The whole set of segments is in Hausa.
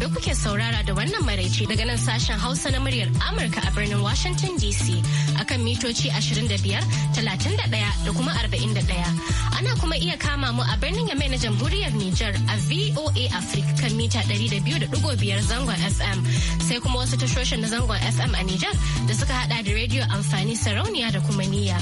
gobe kuke saurara da wannan maraice daga nan sashen Hausa na muryar Amurka a birnin Washington DC akan mitoci 25, 31 da kuma 41. Ana kuma iya kama mu a birnin Yamai na Jamhuriyar Nijar a VOA Africa kan mita 200.5 zangon FM sai kuma wasu tashoshin na zangon FM a Nijar da suka hada da rediyo amfani sarauniya da kuma niyya.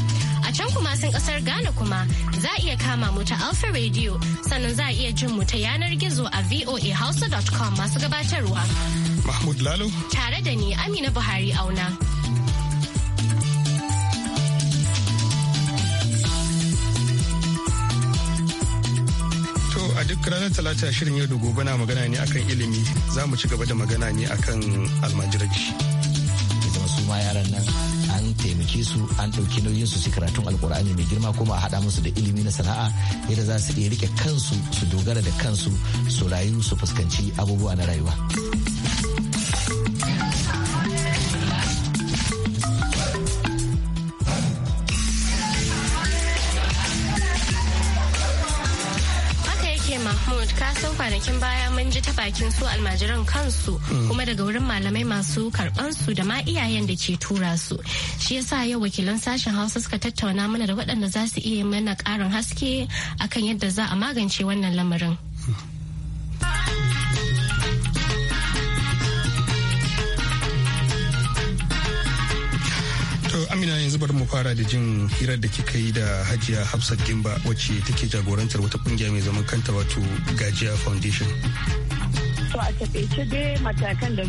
can kuma sun kasar Ghana kuma za a iya kama mu ta Alpha Radio sannan za iya jin mu ta yanar gizo a voahausa.com masu gabatarwa. Mahmud Lalo. Tare da ni Amina Buhari auna. a duk ranar talata shirin yau da gobe na magana ne akan ilimi za mu ci gaba da magana ne akan almajiranci. taimake su an ɗauki nauyin su karatun alkur'ani mai girma kuma a haɗa musu da ilimi na sana'a yadda za su iya rike kansu su dogara da kansu su rayu su fuskanci abubuwa na rayuwa. kasan kwanakin baya mun ji ta bakin su almajiran kansu kuma daga wurin malamai masu karban su da ma iyayen da ke tura su shi yasa yau wakilan sashen hausa suka tattauna mana da waɗanda za su iya mana ƙarin haske akan yadda za a magance wannan lamarin. amina yanzu bari mu fara da jin hirar da kika yi da hajiya hafsat gimba wacce take jagorantar wata kungiya mai zaman kanta wato gajiya foundation To a taƙaice dai matakan da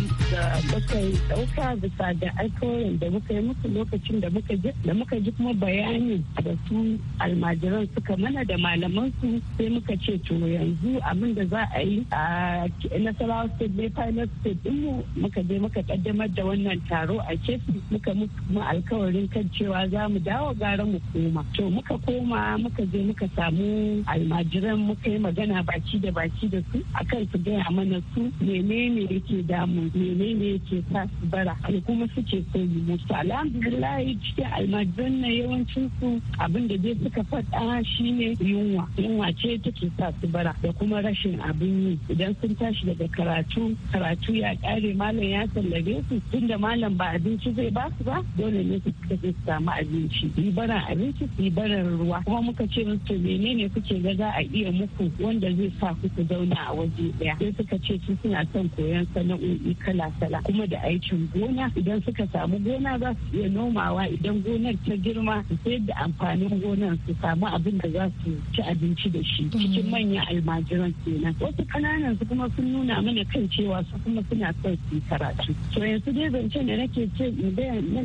muka yi ɗauka bisa ga alkawarin da muka yi musu lokacin da muka ji da muka ji kuma bayani da su almajiran suka mana da malaman su sai muka ce to yanzu abin da za a yi a Nasarawa State Bay final State din mu muka je muka kaddamar da wannan taro a Kefi muka mu alkawarin kan cewa za mu dawo gara mu koma. To muka koma muka je muka samu almajiran muka yi magana baki da baki da su akan su gaya mana su menene yake damu menene yake sa su bara da kuma suke so yi musu alhamdulillah cikin almajiran na yawancin su abin da dai suka faɗa shine yunwa yunwa ce take sa su bara da kuma rashin abin yi idan sun tashi daga karatu karatu ya ƙare malam ya sallabe su tunda malam ba abinci zai ba su ba dole ne su tafi su samu abinci yi baran abinci su yi baran ruwa kuma muka ce musu menene kuke ga za a iya muku wanda zai sa ku zauna a waje ɗaya sai suka ce likitoci suna son koyon sana'o'i kala-kala kuma da aikin gona idan suka samu gona za su iya nomawa idan gonar ta girma su sayar da amfanin gonar su samu abin da za su ci abinci da shi mm. cikin manyan almajiran kenan wasu kananan su kuma sun nuna mana kan cewa su kuma suna son su karatu to yanzu dai zancen da nake ce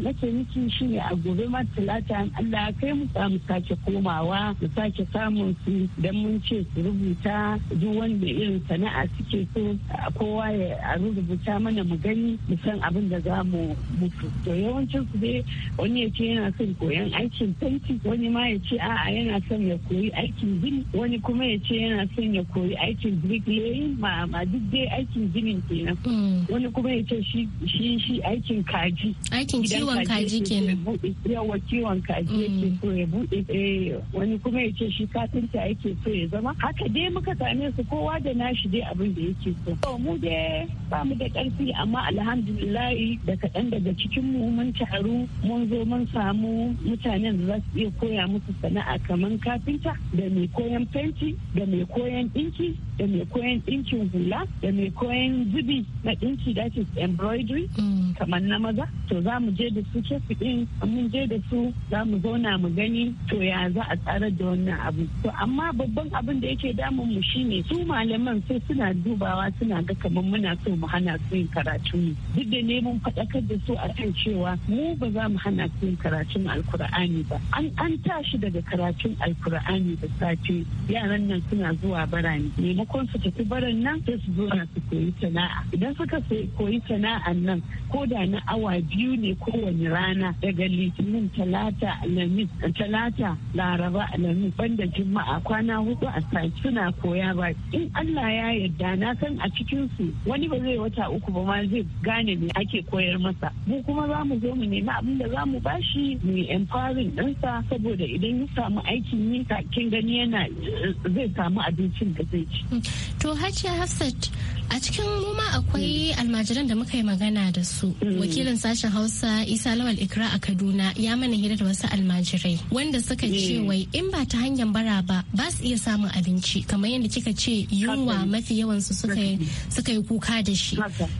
nake miki shi ne a gobe ma talata Allah kai mu samu sake komawa mu sake samun su dan mun ce su rubuta duk wanda irin sana'a suke so kowa ya a rubuta mana mu gani mu san abin da za mu mutu to yawancin su dai wani ya ce yana son koyan aikin fenti wani ma ya ce a'a yana son ya koyi aikin gini wani kuma ya ce yana son ya koyi aikin bricklaying ma ma duk dai aikin ginin kenan mm. wani kuma ya ce shi shi shi aikin kaji aikin kiwon kaji kenan yawa kiwon kaji yake so ya bude mm. eh, wani kuma ya ce shi kafinta yake so ya zama haka dai muka same su kowa da nashi dai abin da yake so su. To mu dai ba mu da karfi amma alhamdulillah da kaɗan daga cikin mu mun taru mun zo mun samu mutanen da za su iya koya musu sana'a kamar kafinta da mai koyan fenti da mai koyan ɗinki da mai koyan ɗinkin hula da mai koyan zubi na ɗinki da ke embroidery mm. kamar na maza. To za mu je da su ke ɗin mun je da su za mu zauna mu gani to ya za a tsara da wannan abu. To amma babban abin da yake damun mu shine su malaman sai suna dubawa suna ga kamar muna so mu hana su yin karatu ne duk da neman faɗakar da su a kan cewa mu ba za mu hana su yin karatun alkur'ani ba an an tashi daga karatun alkur'ani da safe yaran nan suna zuwa barani maimakon su tafi baran nan sai su zo su koyi sana'a idan suka koyi sana'a nan ko da na awa biyu ne kowane rana daga litinin talata alamis talata laraba alamis banda juma'a kwana hudu a sati suna koya ba in Allah ya yarda na san a cikin su wani ba zai wata uku ba ma zai gane me ake koyar masa mu kuma za mu zo mu nemi abin da za mu bashi mu empowering ɗansa saboda idan ya samu aikin yi kin gani yana zai samu abincin da zai ci. Hmm. to hajji hafsat a cikin muma akwai almajiran da muka yi magana da su mm. wakilin sashen hausa isa lawal ikra a kaduna ya mana hira da wasu almajirai wanda suka ce mm. wai in ba ta hanyar bara ba ba su iya samun abinci kamar yadda kika ce yunwa mafi yawan su suka yi kuka da shi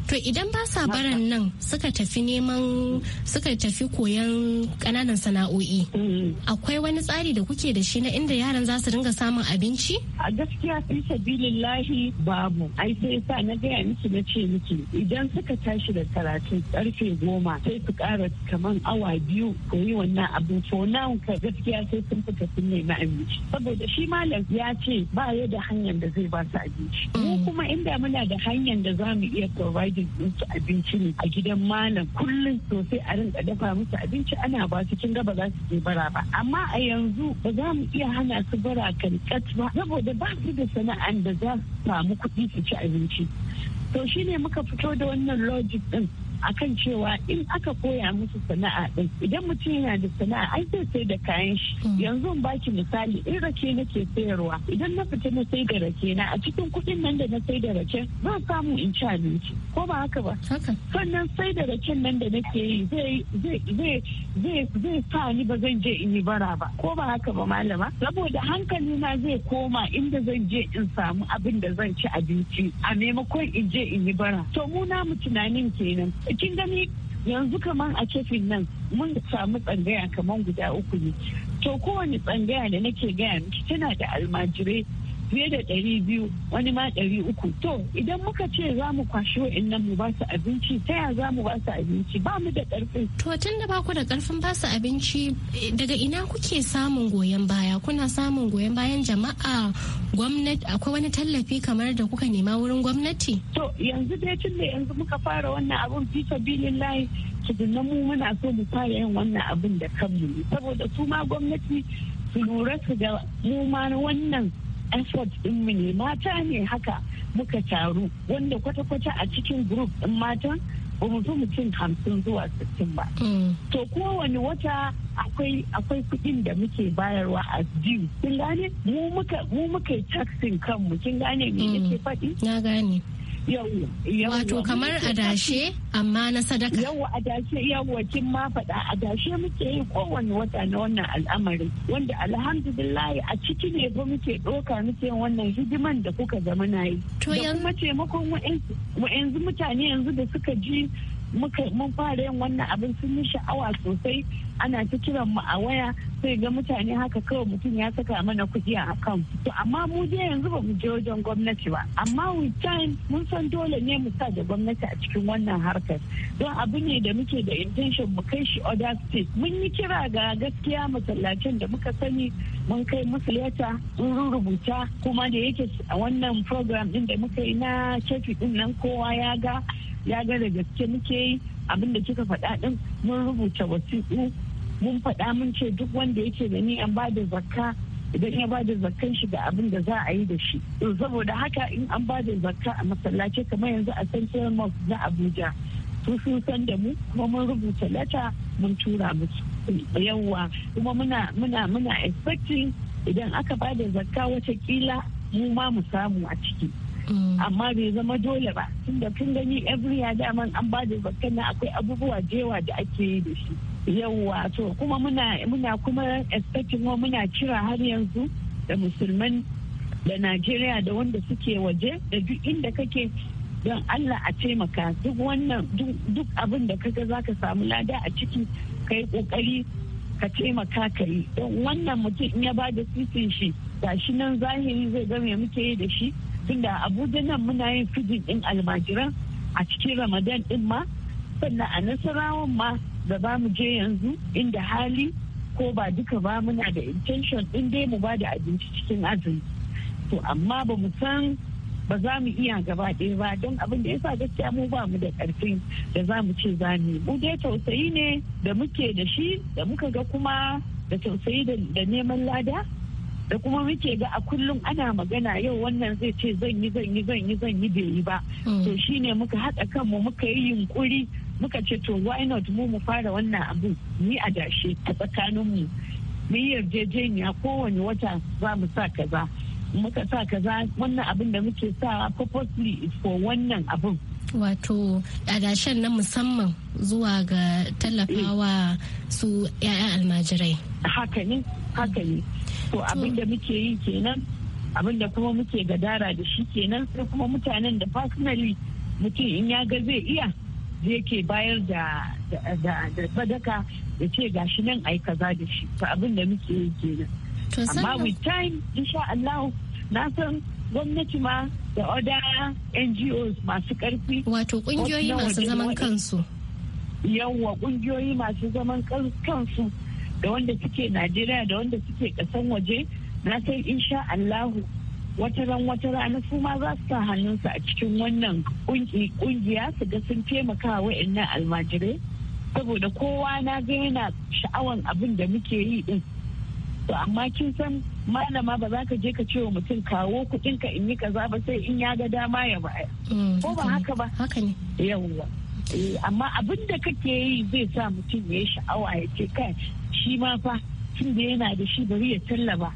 to idan ba sa baran nan suka tafi neman suka tafi koyan kananan sana'o'i mm. akwai wani tsari da kuke da shi na inda yaran za su dinga samun abinci a gaskiya fi sabilillahi babu ai sai sa na gaya miki na ce miki idan suka tashi da karatun karfe goma sai su kara kaman awa biyu ko yi wannan abin to nan ka gaskiya sai sun fita sun nemi abinci saboda shi malam ya ce ba ya da hanyar da zai ba su abinci mu mm. kuma inda muna da hanyar da za mu iya providing musu abinci ne a gidan malam kullum sosai a rinka dafa musu abinci ana ba su kin ga ba za su je bara ba amma a yanzu ba za mu iya hana su bara kankat ba saboda ba su da sana'an da za su samu kuɗi su ci abinci shi to shine muka fito da wannan logic din akan cewa in aka koya musu sana'a din idan mutum yana da sana'a ai zai sai da kayan shi mm. yanzu in baki misali in rake nake sayarwa idan na fita na sai da rake na a cikin kuɗin nan da na sai da rake zan samu in ci abinci ko ba haka ba sannan sai da raken nan da nake yi zai zai sa ni ba zan je in yi bara ba ko ba haka ba malama saboda hankali na zai koma inda zan je in samu abin da zan ci abinci a maimakon in je in yi bara to mu na tunanin kenan kin gani yanzu kaman a kefin nan mun samu tsangaya kaman guda uku ne to kowane tsangaya da nake gaya miki tana da almajirai fiye da ɗari biyu wani ma ɗari uku to idan muka ce za mu kwashi wa'annan mu ba su abinci ta ya za mu ba su abinci ba mu da ƙarfin. to tun da ba ku da ƙarfin ba su abinci eh, daga ina kuke samun goyon baya kuna samun goyon bayan jama'a gwamnati akwai wani tallafi kamar da kuka nema wurin gwamnati. to yanzu dai tun da yanzu muka fara wannan abun fita bilin layi tukunan mu muna so mu fara yin wannan abin da kanmu saboda su ma gwamnati su lura su ga mu ma wannan effort mu ne mata ne haka muka taru wanda kwata-kwata a cikin group ɗin matan ba mu fi mutum hamsin zuwa sittin ba. Mm. To kowane wata akwai akwai kuɗin da muke bayarwa a due. Kin gane mu muka mu muka taxin kanmu kin gane me nake mm. faɗi? Wato kamar adashe amma na sadaka. Yawwa adashe yawwa kin ma faɗa adashe muke yi kowane wata na wannan al'amarin wanda alhamdulillah a ciki ne ba muke ɗoka muke wannan hidiman da kuka zama na yi. To yanzu. Da kuma taimakon wa'yanzu mutane yanzu da suka ji muka mun fara yin wannan abin sun yi sha'awa sosai ana ta kiran mu a waya sai ga mutane haka kawai mutum ya saka mana kuɗi a akan to amma mu je yanzu ba mu je wajen gwamnati ba amma we time mun san dole ne mu sa da gwamnati a cikin wannan harkar don abu ne da muke da intention mu kai shi other state mun yi kira ga gaskiya masallacin da muka sani mun kai musu leta sun rubuta kuma da yake wannan program ɗin da muka yi na kefi din nan kowa ya ga ya ga da gaske muke yi abin da kika faɗa ɗin mun rubuta wasiƙu mun faɗa mun ce duk wanda yake da ni an bada zakka idan ya bada zakkan shi ga abin da za a yi da shi saboda haka in an bada zakka a masallaci kamar yanzu a central mosque na abuja su sun san da mu kuma mun rubuta lata mun tura musu yawwa kuma muna muna muna expecting idan aka bada zakka wata kila mu ma mu samu a ciki Mm. amma bai zama dole ba tunda kun gani every ya daman an bada da akwai abubuwa jewa da ake yi da shi yauwa to kuma muna muna kuma expecting muna kira har yanzu da musulman da Najeriya da wanda suke waje da duk inda kake don Allah a taimaka duk wannan duk abin da kaga zaka samu lada a ciki kai kokari ka taimaka ka yi don wannan mutum in ya bada da sisin shi gashi nan zahiri zai ga me muke yi da shi tunda a abuja nan muna yin fijin din almajiran a cikin ramadan din ma sannan a nasarawan ma da ba mu je yanzu inda hali ko ba duka ba muna da intention din dai mu ba da abinci cikin azumi to amma ba mu san ba za mu iya gaba ɗaya ba don abin da yasa gaskiya mu ba mu da ƙarfin da za mu ce za mu mu dai tausayi ne da muke da shi da muka ga kuma da tausayi da neman lada da kuma muke ga a kullum ana magana yau wannan zai ce zan yi zan yi zan yi zan yi bai yi ba hmm. to shine muka haɗa kanmu muka yi yunkuri muka ce to why not mu mu fara wannan abu ni a dashe a tsakaninmu mu yi yarjejeniya kowane wata za mu sa kaza muka sa kaza wannan abin da muke sa purposely is for wannan abin wato adashen na musamman zuwa ga tallafawa eh. su 'ya'yan almajirai haka ne haka ne to abin da muke yi kenan abin da kuma muke gadara da shi kenan sai kuma mutanen da personally mutum in ya ga zai iya zai ke bayar da sadaka da ce gashi nan ai kaza da shi to abin da muke yi kenan amma with time insha Allah na san gwamnati ma da oda NGOs masu karfi wato kungiyoyi masu zaman kansu yawwa kungiyoyi masu zaman kansu da wanda suke najeriya da wanda suke kasan waje na san sha allahu wata ran wata rana su ma za su sa hannunsu a cikin wannan kungiya su ga sun taimaka wa'annan almajirai saboda kowa na ga yana sha'awan abin da muke yi din to amma kin san malama ba za ka je ka ce wa mutum kawo kuɗin ka in yi kaza ba sai in ya ga dama ya ba mm, ko ba haka ba haka ne yawwa eh, amma abin da kake yi zai sa mutum ya yi sha'awa ya ce kai shi ma fa tun da yana da shi bari ya tallaba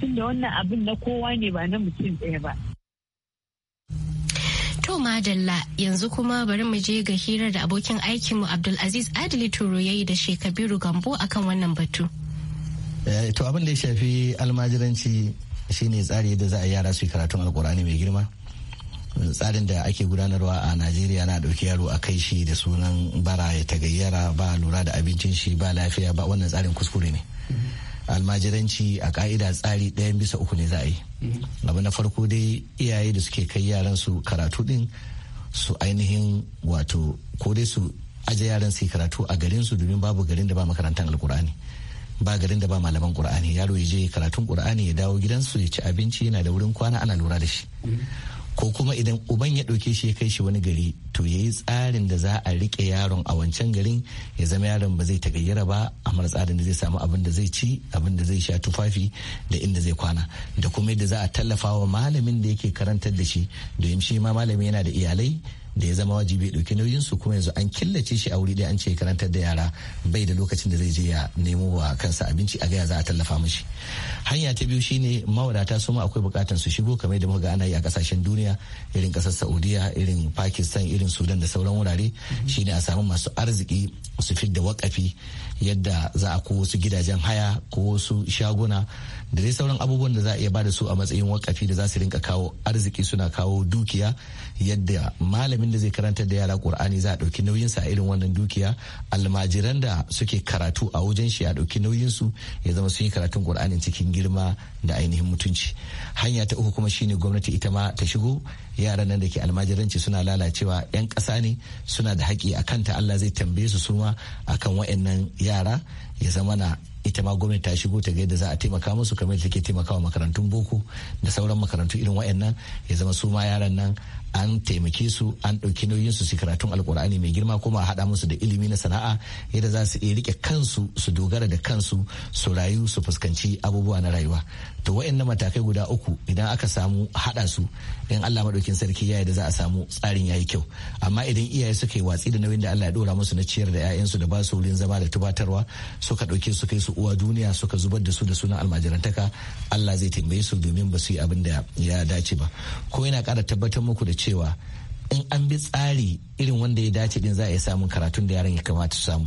tun da wannan abin na kowa ne ba na mutum ɗaya ba. To madalla yanzu kuma bari mu je ga hirar da abokin aikinmu Abdulaziz Adili Turo ya yi da Shekabiru Gambo akan wannan batu. Eh, to abin da ya shafi almajiranci shine tsari da za a yara su yi karatun alkurani mai girma. tsarin da ake gudanarwa a najeriya na ɗauki yaro a kai shi da sunan bara ya tagayyara ba lura da abincin shi ba lafiya ba wannan tsarin kuskure ne almajiranci a ka'ida tsari ɗayan bisa uku ne za a yi abu na farko dai iyaye da suke kai yaran su karatu din su ainihin wato ko dai su aje yaran su karatu a garin su domin babu garin da ba makarantar alkur'ani ba garin da ba malaman qur'ani yaro ya je karatun qur'ani ya dawo gidansu ya ci abinci yana da wurin kwana ana lura da shi ko kuma idan uban ya ɗauke shi ya kai shi wani gari to ya yi tsarin da za a riƙe yaron a wancan garin ya zama yaron ba zai ta gayyara ba a mara tsarin da zai samu abin da zai ci abin da zai sha tufafi da inda zai kwana da kuma yadda za a tallafa wa malamin da yake karantar da shi domin shi ma malami yana da iyalai da ya zama wajibi ɗauki nauyin su kuma yanzu an killace shi a wuri ɗaya an ce karantar da yara bai da lokacin da zai je ya nemo wa kansa abinci a gaya za a tallafa mashi. hanya ta biyu shine mawadata su ma akwai bukatan su shigo kamar da muka ana yi a kasashen duniya irin kasar saudiya irin pakistan irin sudan da sauran wurare mhm. shine a samu masu arziki su fidda wakafi yadda za a ko wasu gidajen haya ko wasu shaguna da dai sauran abubuwan da za a iya bada su a matsayin wakafi da za su rinka kawo arziki suna kawo dukiya yadda malamin da zai karanta da yara qur'ani za a ɗauki su a irin wannan dukiya almajiran da suke karatu a wajen shi a ɗauki su ya zama sun yi karatun qur'anin cikin girma da ainihin mutunci hanya ta uku kuma shine gwamnati ita ma ta shigo yaran nan da ke almajiranci suna lalacewa yan ƙasa ne suna da haƙƙi a kanta Allah zai tambaye su suma akan waɗannan yara ya zama na ita ma gwamnati ta shigo ta ga yadda za a taimaka musu kamar da take taimakawa makarantun boko da sauran makarantu irin waɗannan ya zama su ma yaran nan an taimake su an ɗauki nauyin su su karatun alkur'ani mai girma kuma a haɗa musu da ilimi na sana'a yadda za su iya rike kansu su dogara da kansu su rayu su fuskanci abubuwa na rayuwa to wa'annan matakai guda uku idan aka samu haɗa su in Allah maɗaukin sarki ya da za a samu tsarin yayi kyau amma idan iyaye suka yi watsi da nauyin da Allah ya ɗora musu na ciyar da 'ya'yansu da ba su wurin zama da tubatarwa suka ɗauke su kai su uwa duniya suka zubar da su da sunan almajirantaka Allah zai taimake su domin ba su yi abin da ya dace ba ko yana ƙara tabbatar muku da cewa in an bi tsari irin wanda ya dace din za a yi samun karatun da yaran ya kamata su samu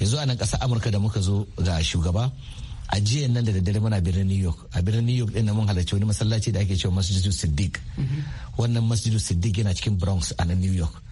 yanzu a nan ƙasar amurka da muka zo ga shugaba a jiya nan da daddare muna birnin new york a birnin new york din mun halarci wani masallaci da ake cewa masjidu siddiq mhm. wannan masjidu siddiq yana cikin bronx a nan new york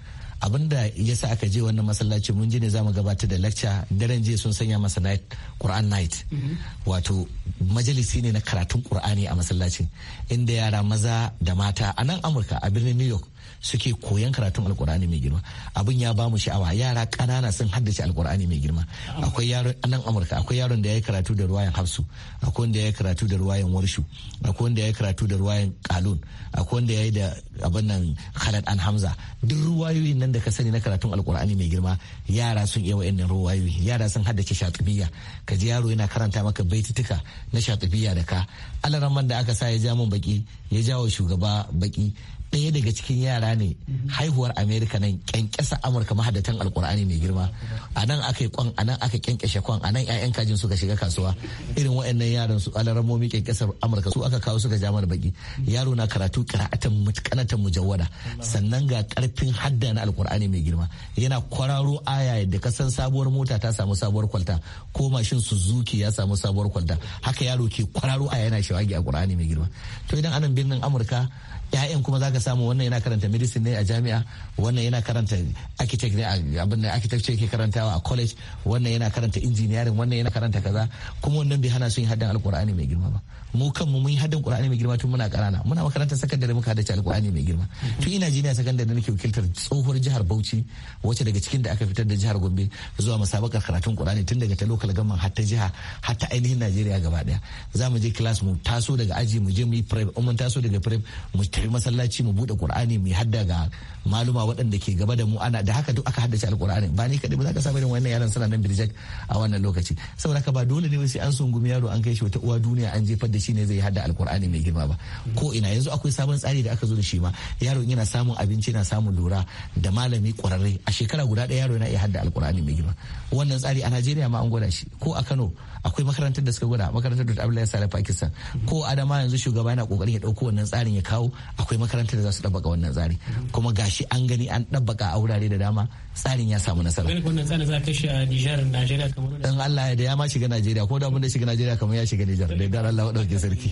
abinda ya sa aka je wannan masallaci mun je ne za mu gabatar da lacca daren jiya sun sanya masa night Quran night mhm. wato majalisi ne na karatun Qur'ani a masallacin inda yara maza da mata a nan Amurka a birnin New York suke koyan karatun alkur'ani mai girma abin ya bamu sha'awa yara kanana sun haddace alkur'ani mai girma akwai yaron nan amurka akwai yaron da ya yi karatu da ruwayan hafsu akwai wanda ya yi karatu da ruwayan warshu akwai wanda ya yi karatu da ruwayan kalun akwai wanda ya yi da abin nan khalad an hamza duk ruwayoyin nan da ka sani na karatun alkur'ani mai girma yara sun iya wa'annan ruwayoyi yara sun haddace shatibiya ka ji yaro yana karanta maka baitutuka na shatibiya da ka alaraman da aka sa ya ja mun baki ya jawo shugaba baki ɗaya daga cikin yara ne haihuwar amerika nan kyankyasa amurka mahadatan alkur'ani mai girma a nan aka yi kwan a nan aka kyankyashe kwan a nan 'ya'yan kajin suka shiga kasuwa irin waɗannan yaran su alaramomi kyankyasar amurka su aka kawo suka ja mana baki yaro na karatu kira'atan mutkanatan mujawwada sannan ga karfin hadda na alkur'ani mai girma yana kwararo aya yadda ka san sabuwar mota ta samu sabuwar kwalta ko mashin suzuki ya samu sabuwar kwalta haka yaro ke kwararo aya yana shawagi a qur'ani mai girma to idan anan birnin amurka 'ya'yan kuma zaka samu wannan yana karanta medicine ne a jami'a wannan yana karanta architect ne abin da architecture yake karantawa a college wannan yana karanta engineering wannan yana karanta kaza kuma wannan bai hana su yin haddan alkur'ani mai girma ba mu kanmu mun yi haddan alkur'ani mai girma tun muna karana muna makarantar sakandare muka haddace alkur'ani mai girma tun ina jiniya sakandare nake wakiltar tsohuwar jihar Bauchi wacce daga cikin da aka fitar da jihar Gombe zuwa musabakar karatun Qur'ani tun daga ta local gaman har ta jiha har ta ainihin Najeriya gaba daya zamu mu je class mu taso daga aji mu je mu yi prep mun taso daga prep mu tafi masallaci mu bude qur'ani mu hadda ga maluma waɗanda ke gaba da mu ana da haka duk aka haddace alqur'ani ba ni kadai ba za ka samu irin wannan yaran suna nan birjak a wannan lokaci saboda ka ba dole ne sai an sungumi yaro an kai shi wata uwa duniya an jefar da shi ne zai hadda alqur'ani mai girma ba ko ina yanzu akwai sabon tsari da aka zo da shi ma yaro yana samun abinci yana samun lura da malami kwararre a shekara guda ɗaya yaro yana iya hadda alqur'ani mai girma wannan tsari a Najeriya ma an gwada shi ko a Kano akwai makarantar da suka gwada makarantar da Abdullahi Sale Pakistan ko Adama yanzu shugaba yana kokarin ya dauko wannan tsarin ya kawo akwai makarantar da za su dabbaka wannan tsari kuma gashi an gani an dabbaka a wurare da dama tsarin ya samu nasara. Wannan tsarin za ka shi a Najeriya kamar Dan Allah ya da ya ma shiga Najeriya ko da mun da shiga Najeriya kamar ya shiga Nijar da Allah ya dauke sarki.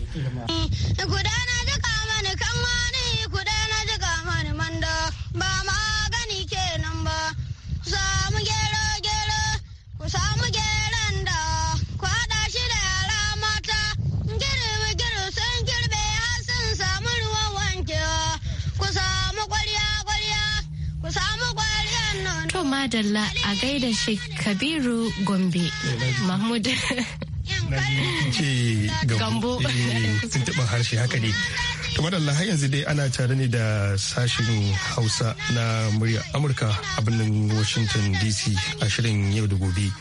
Gudana duka mana kan wani madalla a gaida shi kabiru gombe mahmud gambo tuntuɓin harshe haka ne to madalla har yanzu dai ana tare ne da sashen hausa na murya amurka a birnin washington dc a shirin yau da gobe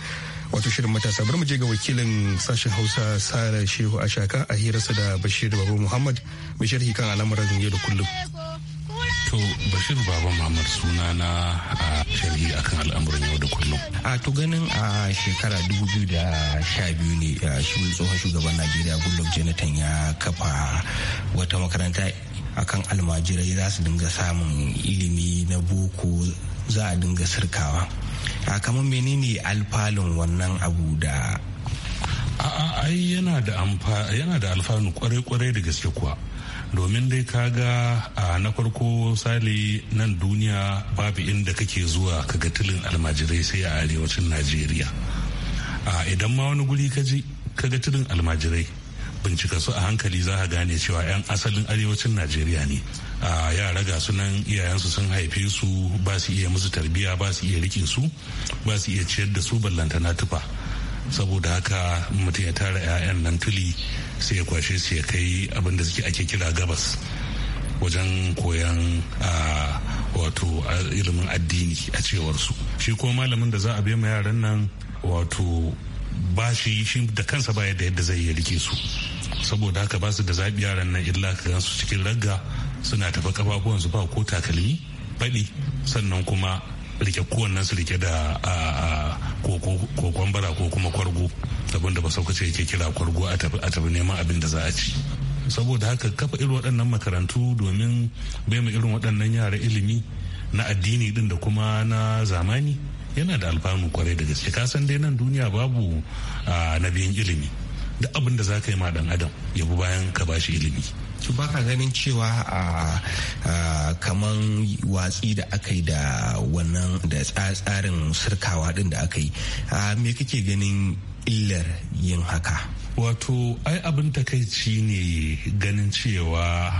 wato shirin matasa bari mu je ga wakilin sashen hausa sara shehu ashaka a hirarsa da bashir babu muhammad mai sharhi kan al'amuran yau da kullum to bashir baba mamar suna na a sharhi akan al'amuran yau da kullum a to ganin a shekara 2012 ne shi tsohon shugaban najeriya goodluck jonathan ya kafa wata makaranta akan almajirai za su dinga samun ilimi na boko za a dinga sirkawa a kamar menene alfalin wannan abu da a'a ai yana da alfanu kwarai-kwarai da gaske kuwa domin dai kaga a na farko sali nan duniya babu inda kake zuwa kaga tilin almajirai sai a arewacin najeriya a idan ma wani guri kaji kaga tilin almajirai bincika su a hankali za ka gane cewa 'yan asalin arewacin najeriya ne a yara ga sunan iyayensu sun haife su ba su iya musu tarbiya ba su iya rike su ba su iya ciyar da su ballantana tufa saboda haka mutum ya tara 'ya'yan nan tuli sai ya kwashe su ya kai abin da suke ake kira gabas wajen koyan wato ilimin addini a cewarsu shi kuma malamin da za a ma yaran nan wato ba shi shi da kansa ba da yadda zai rike su saboda haka ba su da zaɓi yaran nan illa ka su cikin ragga suna tafi kafafuwansu ba ko takalmi faɗi sannan kuma rike kowannen su rike da kokon bara ko kuma kwargo abin da ba ce yake kira kwargo a tafi neman abin da za a ci saboda haka kafa irin waɗannan makarantu domin bai mu irin waɗannan yara ilimi na addini din da kuma na zamani yana da alfanu kwarai da gaske kasan dai nan duniya babu na biyan ilimi duk abin da za ka yi ma dan adam yabu bayan ka bashi ilimi baka ganin cewa a kaman watsi da aka yi da wannan da tsarin sirkawa din da aka yi me kake ganin illar yin haka wato ai abin takaici ne ganin cewa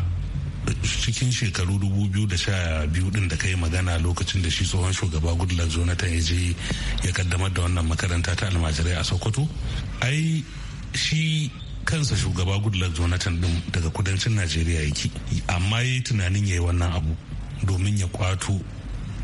cikin shekaru 2012 din da ka yi magana lokacin da shi tsohon shugaba goodluck jonathan ya je ya kaddamar da wannan makaranta ta almajirai a sokoto ai shi kansa shugaba goodluck jonathan din daga kudancin najeriya yake amma yi tunanin ya yi wannan abu domin ya kwato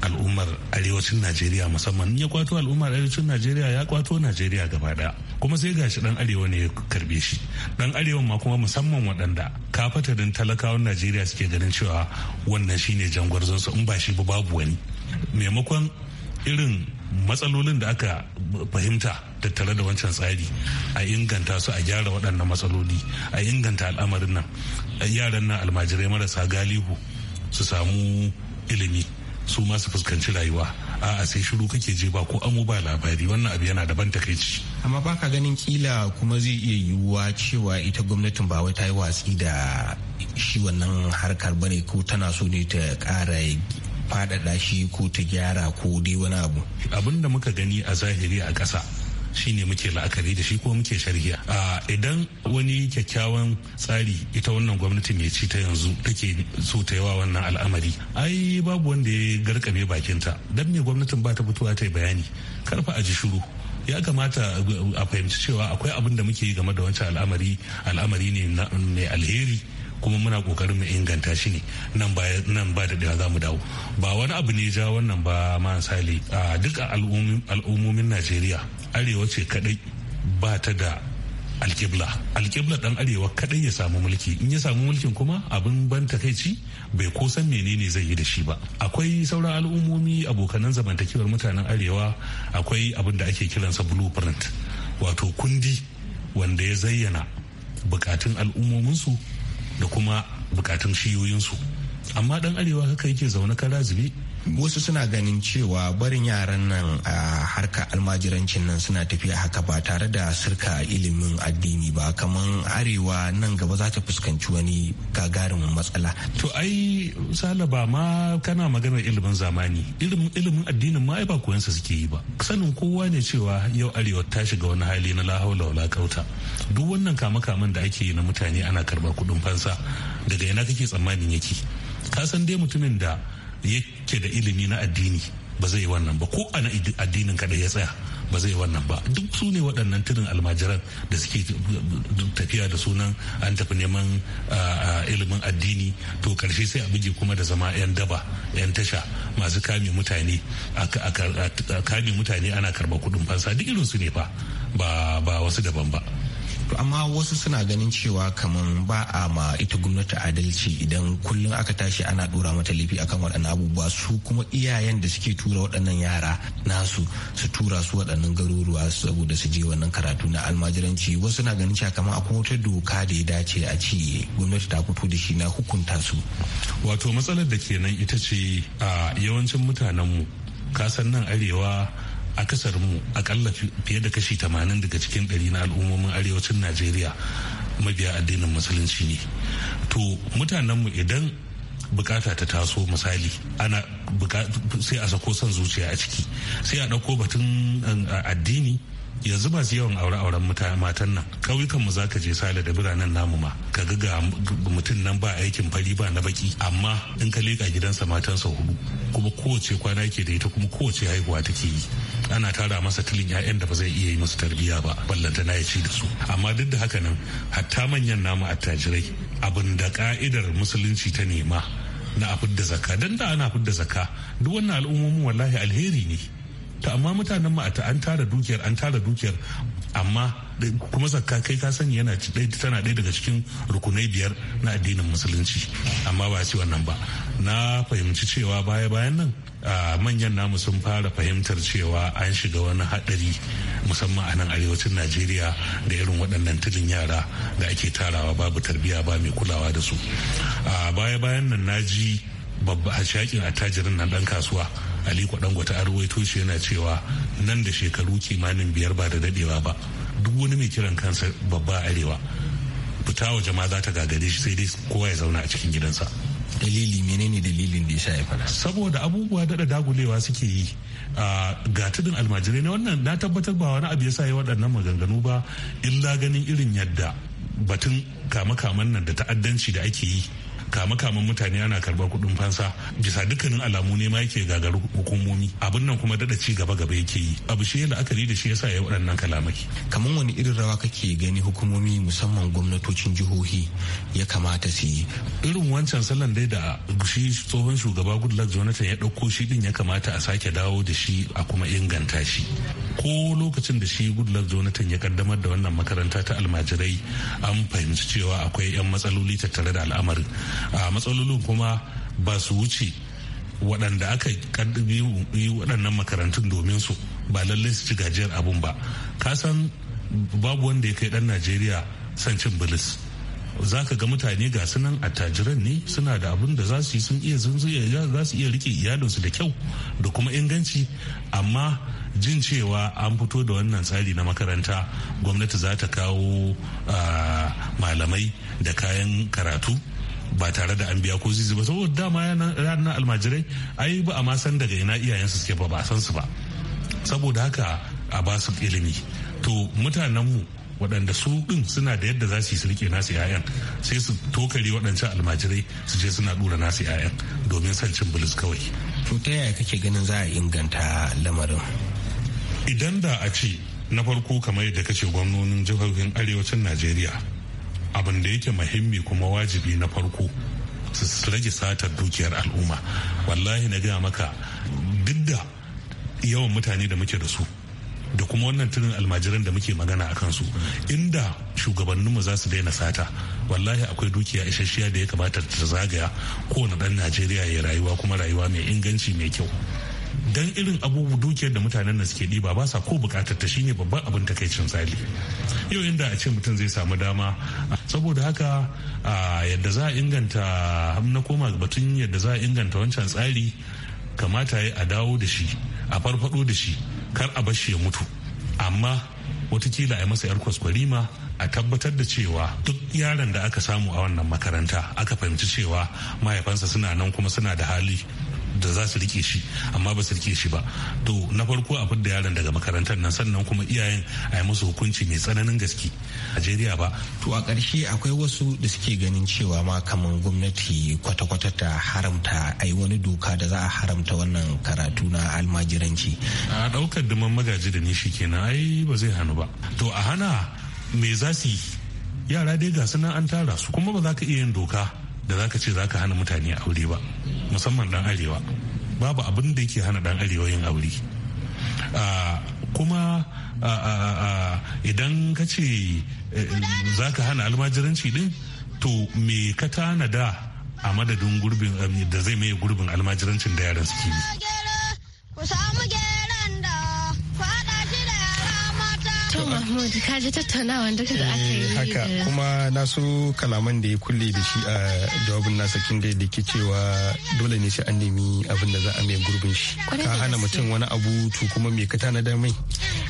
al'ummar arewacin najeriya musamman ya kwato al'ummar arewacin najeriya ya kwato najeriya gaba daya kuma sai gashi dan arewa ne ya karbe shi dan arewa ma kuma musamman waɗanda kafatarin talakawan najeriya suke ganin cewa wannan shine su in ba shi ba babu wani maimakon irin matsalolin da aka fahimta tattare da wancan tsari a inganta su a gyara waɗannan matsaloli a inganta al'amarin nan yaran nan almajirai marasa galihu su samu ilimi su ma su fuskanci rayuwa a'a sai shiru kake je ba ko amu ba labari wannan abu yana daban takaici amma baka ganin kila kuma zai iya yiwuwa cewa ita gwamnatin ba wai ta yi watsi da shi wannan harkar bane ko tana so ne ta ƙara faɗaɗa shi ko ta gyara ko dai wani abu abin da muka gani a zahiri a ƙasa Shi ne muke la'akari da shi ko muke sharhiya idan wani kyakkyawan tsari ita wannan gwamnati mai ci ta yanzu take so ta yawa wannan al'amari ai babu wanda ya garkame bakinta dan me gwamnatin ba ta fitowa ta yi bayani karfa a ji shiru ya kamata a fahimci cewa akwai abin da muke yi game da wancan al'amari al'amari ne mai alheri kuma muna kokarin mu inganta shi ne nan ba nan ba da za mu dawo ba wani abu ne ja wannan ba ma sali a duka al'ummomin Najeriya arewa ce kadai ba ta da alkibla alkibla dan arewa kadai ya samu mulki in ya samu mulkin kuma abin ban takaici bai ko san menene zai yi da shi ba akwai sauran al'ummomi abokanan zamantakewar mutanen arewa akwai abin da ake kiransa blueprint wato kundi wanda ya zayyana bukatun al'ummominsu da kuma bukatun shiyoyinsu amma dan arewa haka yake zaune kara zube wasu suna ganin cewa barin yaran nan a harka almajirancin nan suna tafiya haka ba tare da sirka ilimin addini ba kamar arewa nan gaba za ta fuskanci wani gagarin matsala to ai sala ba ma kana maganar ilimin zamani ilimin addinin ma ai ba koyansa suke yi ba sanin kowa ne cewa yau arewa ta shiga wani hali na lahaula wala kauta duk wannan kama kaman da ake yi na mutane ana karbar kudin fansa daga yana kake tsammanin yake ka san dai mutumin da yake da ilimi na addini ba zai yi wannan ba ko ana addinin kada ya tsaya ba zai wannan ba duk su ne waɗannan turin almajiran da suke tafiya da sunan an tafi neman ilimin addini to karshe sai a buje kuma da zama 'yan daba 'yan tasha masu kame mutane a kame mutane ana karɓar kuɗin fansa duk irin su ne fa ba wasu daban ba amma wasu suna ganin cewa kamar ba a ma ita gwamnati adalci idan kullum aka tashi ana dora mata laifi akan waɗannan abubuwa su kuma iyayen da suke tura waɗannan yara nasu su tura su waɗannan garuruwa saboda su je wannan karatu na almajiranci wasu na ganin cewa kamar akwai wata doka da ya dace a ce gwamnati ta fito da shi na hukunta su wato matsalar da kenan ita ce a yawancin mutanenmu kasan nan arewa akasarin mu akalla fiye da kashi 80 daga cikin ɗari na al'ummomin arewacin najeriya mabiya addinin musulunci ne to mutanenmu idan bukata ta taso misali ana sai a sako son zuciya a ciki sai a ɗauko batun eh, addini yanzu ba su yawan aure-auren matan nan ƙauyukan mu za ka je sale da biranen namu ma ka ga ga mutum nan ba aikin fari ba na baki amma in ka leƙa gidansa matansa hudu kuma kowace kwana ke da ita kuma kowace haihuwa take yi ana tara masa tilin 'ya'yan da ba zai iya yi musu tarbiyya ba ballanta na ya ci da su amma duk da haka nan hatta manyan namu attajirai abin da ka'idar musulunci ta nema na afidda zaka don da ana afidda zakka duk wannan al'ummomin wallahi alheri ne to amma mutanen mu an tara dukiyar an tara dukiyar amma kuma zakka kai ka sani yana tana ɗaya daga cikin rukunai biyar na addinin musulunci amma ba ci wannan ba na fahimci cewa baya bayan nan manyan namu sun fara fahimtar cewa an shiga wani haɗari musamman a nan arewacin najeriya da irin waɗannan tilin yara da ake tarawa babu tarbiyya ba mai kulawa da su baya bayan nan na ji babba a shakin attajirin nan ɗan kasuwa aliko dangote an ruwaito shi yana cewa nan da shekaru kimanin biyar ba da dadewa ba duk wani mai kiran kansa babba arewa fita wa ma za ta gagare shi sai dai kowa ya zauna a cikin gidansa dalili menene dalilin da ya sha ya fara? saboda abubuwa dada dagulewa suke yi a ga almajirai ne wannan na tabbatar ba wani abu ya sa ya waɗannan maganganu ba illa ganin irin yadda batun kama-kaman nan da ta'addanci da ake yi kama mutane ana karɓar kuɗin fansa bisa dukkanin alamu ne ma yake gagaru hukumomi abin nan kuma dada ci gaba gaba yake yi abu shi la'akari da shi yasa ya waɗannan kalamai kamar wani irin rawa kake gani hukumomi musamman gwamnatocin jihohi ya kamata su yi irin wancan salon dai da shi tsohon shugaba goodluck jonathan ya ɗauko shi din ya kamata a sake dawo da shi a kuma inganta shi ko lokacin da shi goodluck jonathan ya kaddamar da wannan makaranta ta almajirai an fahimci cewa akwai 'yan matsaloli tattare da al'amarin matsalolin kuma ba su wuce waɗanda aka yi waɗannan makarantun domin su ba lallai su ci gajiyar abun ba kasan babu wanda ya kai ɗan najeriya san cin bilis za ka ga mutane ga sunan attajiran ne suna da abin da za su yi sun iya zunzuya za su iya rike iyalinsu da kyau da kuma inganci amma jin cewa an fito da wannan tsari na makaranta gwamnati za ta kawo malamai da kayan karatu ba tare da an biya ko zizi ba saboda dama yana almajirai ai ba a ma san daga ina iyayensu suke ba ba san su ba saboda haka a ba su ilimi to mutanen mu waɗanda su ɗin suna da yadda za su yi su rike nasu 'ya'yan sai su tokari waɗancan almajirai su je suna ɗura nasu 'ya'yan domin san cin bulus kawai. to ta yaya kake ganin za a inganta lamarin. idan da a ce na farko kamar yadda kace gwamnonin jihohin arewacin najeriya abin da yake muhimmi kuma wajibi na farko su rage satar dukiyar al'umma wallahi na gaya maka duk da yawan mutane da muke da su da kuma wannan tunin almajiran da muke magana a kansu inda shugabanninmu za su daina sata wallahi akwai dukiya isasshiya da ya kamata ta zagaya kowane ɗan najeriya ya rayuwa kuma rayuwa mai inganci mai kyau dan irin abubuwa dukiyar da mutanen da suke ɗiba ba sa ko bukatar ta shine babban abin takaicin tsali yau inda a ce mutum zai samu dama saboda haka yadda za a inganta na koma batun yadda za a inganta wancan tsari kamata ya a dawo da shi a farfado da shi kar a bar shi ya mutu amma watakila a masa yar kwaskwarima a tabbatar da cewa duk yaron da aka samu a wannan makaranta aka fahimci cewa mahaifansa suna nan kuma suna da hali da za su rike shi amma ba su rike shi ba to na farko a fidda yaron daga makarantar nan sannan kuma iyayen a yi musu hukunci mai tsananin gaske Najeriya ba to a ƙarshe akwai wasu da suke ganin cewa ma kamar gwamnati kwata-kwata ta haramta a yi wani doka da za a haramta wannan karatu na almajiranci a ɗaukar duman magaji da nishi kenan ai ba zai hannu ba to a hana me za su yi yara dai ga sunan an tara su kuma ba za ka iya yin doka da za ka ce za ka hana mutane aure ba musamman dan arewa babu abin da yake hana dan arewa yin aure ah, kuma ah, ah, idan ka ce eh, za ka hana almajiranci din to me ka tanada a madadin gurbin eh, da zai maye gurbin almajirancin da yaran suke yi Mahmud eh, ka ji da aka yi. Haka kuma nasu kalaman da ya kulle da shi a jawabin nasa kin da ke cewa dole ne sai an nemi abin da za a mai gurbin shi. Ka hana mutum wani abu to kuma me ka tanada mai.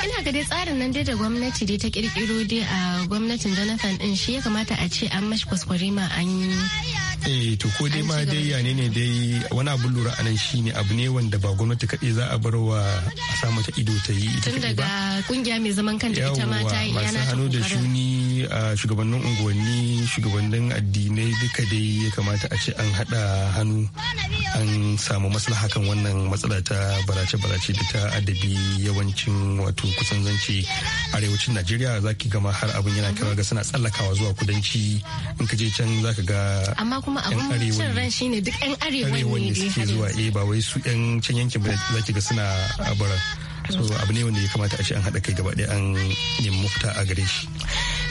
Ina ga dai tsarin nan dai da gwamnati dai ta kirkiro dai a gwamnatin Jonathan din shi ya kamata a ce an mashi kwaskwarima an eh to ko dai ma dai ya ne dai wani abu lura a nan shine abu ne wanda ba gwamnati kaɗai za a bar wa a sa mata ido ta yi ita kaɗai ba daga kungiya mai zaman kanta ita ma ta yi yana ta hannu da shuni a shugabannin unguwanni shugabannin addinai duka dai ya kamata a ce an haɗa hannu an samu maslaha kan wannan matsala ta barace-barace da ta adabi yawancin wato kusan zance arewacin najeriya zaki gama har abin yana kira ga suna tsallakawa zuwa kudanci in ka je can zaka ga kuma abin cin ran ne duk yan arewa ne suke zuwa eh ba wai su yan can yankin ba zaki ga suna abara so abu ne wanda ya kamata a ce an hada kai gaba ɗaya an nemi mafita a gare shi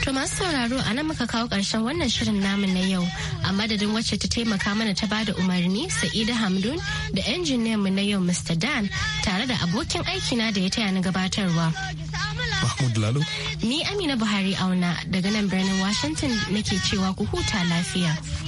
To masu sauraro a nan muka kawo ƙarshen wannan shirin namu na yau a madadin wacce ta taimaka mana ta bada umarni Sa'ida Hamdun da injiniyan mu na yau Mr. Dan tare da abokin aikina da ya taya ni gabatarwa. Mahmud Lalo. Ni Amina Buhari Auna daga nan birnin Washington nake cewa ku huta lafiya.